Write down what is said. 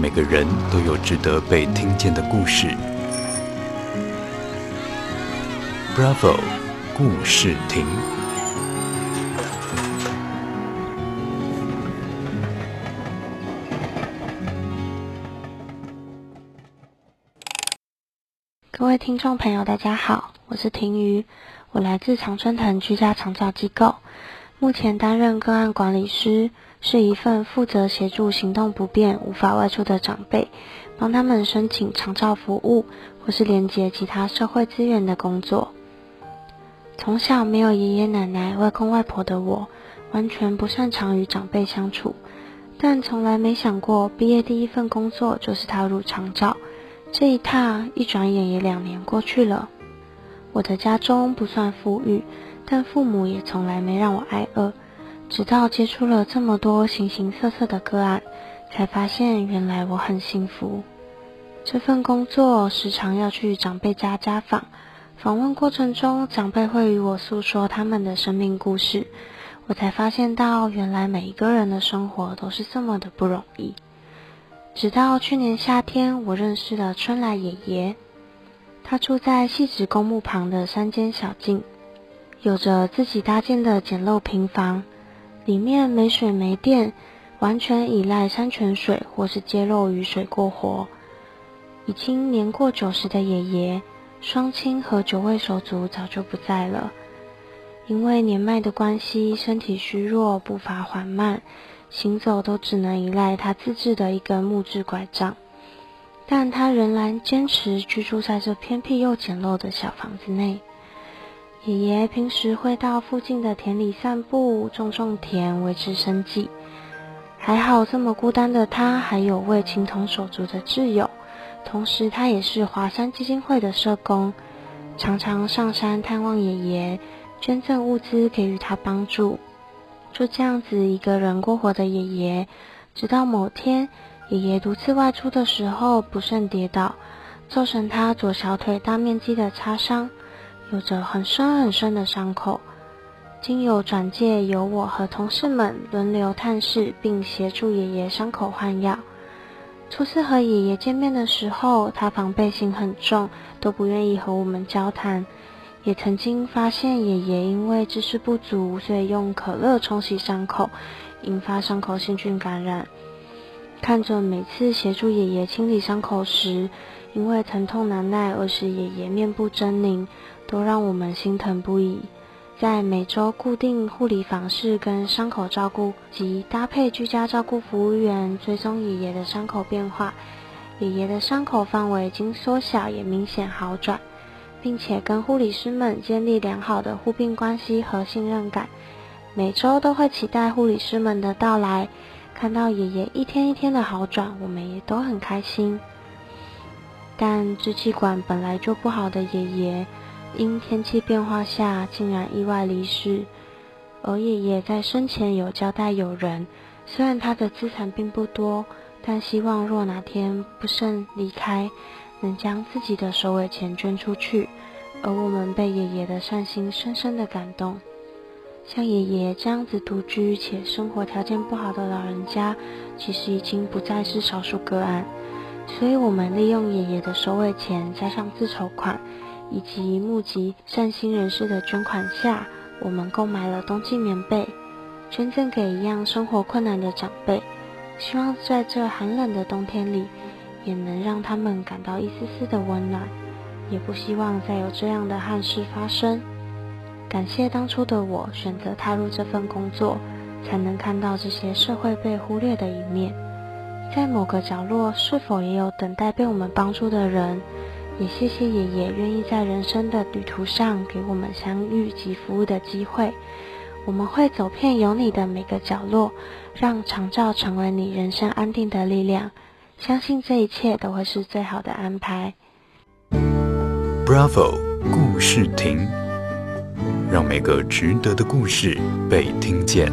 每個人都有值得被聽見的故事。Bravo，故事亭。各位聽眾朋友，大家好，我是庭伃，我來自長春藤居家長照機構。目前擔任個案管理師，是一份負責協助行動不便、無法外出的長輩，幫他們申請長照服務或是連接其他社會資源的工作。從小沒有爺爺奶奶、外公外婆的我，完全不擅長與長輩相處，但從來沒想過畢業第一份工作就是踏入長照。這一踏，一轉眼也兩年過去了。我的家中不算富裕，但父母也從來沒讓我挨餓。直到接觸了這麼多形形色色的個案，才發現原來我很幸福。這份工作時常要去長輩家家訪，訪問過程中長輩會與我訴說他們的生命故事，我才發現到原來每一個人的生活都是這麼的不容易。直到去年夏天，我認識了春來爺爺。他住在細直公墓旁的山間小徑，有着自己搭建的簡陋平房，裡面沒水沒電，完全依賴山泉水或是接漏雨水過活。已經年過九十的爺爺，雙親和九位手足早就不在了。因為年邁的關係，身體虛弱，步伐緩慢，行走都只能依賴他自制的一根木質拐杖。但他仍然堅持居住在這偏僻又簡陋的小房子內。爺爺平時會到附近的田裡散步、種種田，維持生計。還好，這麼孤單的他還有位情同手足的摯友。同時，他也是華山基金會的社工，常常上山探望爺爺，捐贈物資給予他幫助。就這樣子一個人過活的爺爺，直到某天。爺爺獨自外出的時候不慎跌倒，造成他左小腿大面積的擦傷，有着很深很深的傷口。經由轉介，由我和同事們輪流探視，並協助爺爺傷口換藥。初次和爺爺見面的時候，他防備心很重，都不願意和我們交談。也曾經發現爺爺因為知識不足，所以用可樂沖洗傷口，引發傷口細菌感染。看着每次協助爺爺清理傷口時，因為疼痛難耐而使爺爺面部猙獰，都讓我們心疼不已。在每周固定護理訪視跟傷口照顧及搭配居家照顧服務員，追蹤爺爺的傷口變化，爺爺的傷口範圍已經縮小，也明顯好轉，並且跟護理師們建立良好的護病關係和信任感。每周都會期待護理師們的到來。看到爺爺一天一天的好轉，我們也都很開心。但支氣管本來就不好的爺爺，因天氣變化下，竟然意外離世。而爺爺在生前有交代友人，雖然他的資產並不多，但希望若哪天不慎離開，能將自己的手尾錢捐出去。而我們被爺爺的善心深深的感動。像爺爺這樣子獨居且生活條件不好的老人家，其實已經不再是少數個案。所以，我們利用爺爺的收尾錢，加上自籌款，以及募集善心人士的捐款下，我們購買了冬季棉被，捐贈給一樣生活困難的長輩。希望在這寒冷的冬天裡，也能讓他們感到一絲絲的溫暖。也不希望再有這樣的憾事發生。感謝當初的我選擇踏入這份工作，才能看到這些社會被忽略的一面。在某個角落，是否也有等待被我們幫助的人？也謝謝爺爺願意在人生的旅途上給我們相遇及服務的機會。我們會走遍有你的每個角落，讓長照成為你人生安定的力量。相信這一切都會是最好的安排。Bravo，故事亭。讓每個值得的故事被聽見。